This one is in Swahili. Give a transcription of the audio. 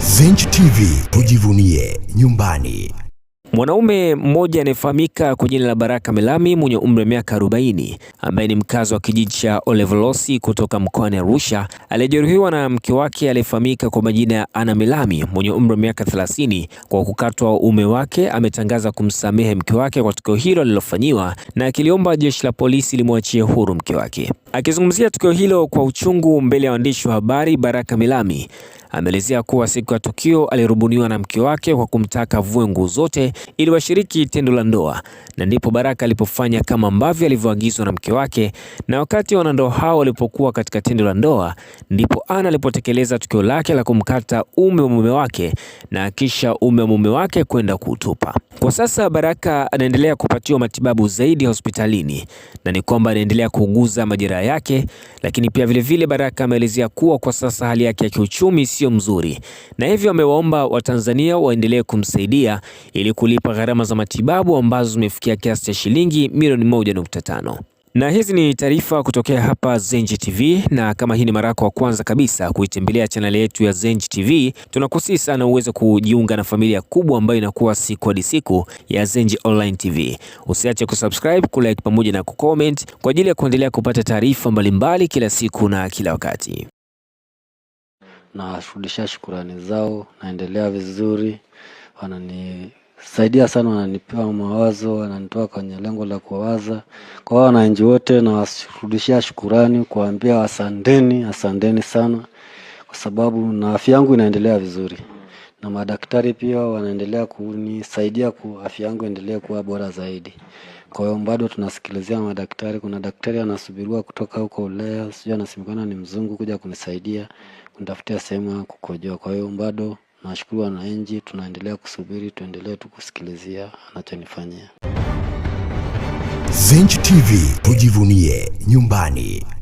Zenj TV tujivunie nyumbani. Mwanaume mmoja anayefahamika kwa jina la Baraka Melami mwenye umri wa miaka 40 ambaye ni mkazi wa kijiji cha Olevolosi kutoka mkoani Arusha aliyejeruhiwa na mke wake aliyefahamika kwa majina ya Ana Melami mwenye umri wa miaka 30 kwa kukatwa uume wake, ametangaza kumsamehe mke wake kwa tukio hilo alilofanyiwa na akiliomba jeshi la polisi limwachie huru mke wake. Akizungumzia tukio hilo kwa uchungu mbele ya waandishi wa habari, Baraka Melami Ameelezea kuwa siku ya tukio alirubuniwa na mke wake kwa kumtaka avue nguo zote ili washiriki tendo la ndoa, na ndipo Baraka alipofanya kama ambavyo alivyoagizwa na mke wake. Na wakati wanandoa hao walipokuwa katika tendo la ndoa, ndipo Ana alipotekeleza tukio lake la kumkata ume wa mume wake na kisha ume wa mume wake kwenda kuutupa. Kwa sasa Baraka anaendelea kupatiwa matibabu zaidi hospitalini, na ni kwamba anaendelea kuuguza majeraha yake, lakini pia vilevile vile Baraka ameelezea kuwa kwa sasa hali yake ya kiuchumi sio mzuri, na hivyo amewaomba Watanzania waendelee kumsaidia ili kulipa gharama za matibabu ambazo zimefikia kiasi cha shilingi milioni 1.5. Na hizi ni taarifa kutokea hapa Zenji TV, na kama hii ni mara yako ya kwanza kabisa kuitembelea chaneli yetu ya Zenji TV, tunakusihi sana uweze kujiunga na familia kubwa ambayo inakuwa siku hadi siku ya Zenji Online TV. Usiache kusubscribe, kulike pamoja na kucomment kwa ajili ya kuendelea kupata taarifa mbalimbali kila siku na kila wakati nawarudishia shukurani zao, naendelea vizuri, wananisaidia sana, wananipewa mawazo, wananitoa kwenye lengo la kuwaza. Kwa hao wananchi wote nawarudishia shukurani, kuwaambia asanteni, asanteni sana, kwa sababu na afya yangu inaendelea vizuri na madaktari pia wanaendelea kunisaidia ku afya yangu endelee kuwa bora zaidi. Kwa hiyo bado tunasikilizia madaktari. Kuna daktari anasubiriwa kutoka huko Ulaya, sijui anasemekana ni mzungu kuja kunisaidia kunitafutia sehemu ya kukojoa. Kwa hiyo bado nawashukuru wananchi, tunaendelea kusubiri, tuendelee tu kusikilizia anachonifanyia. Zenj TV tujivunie nyumbani.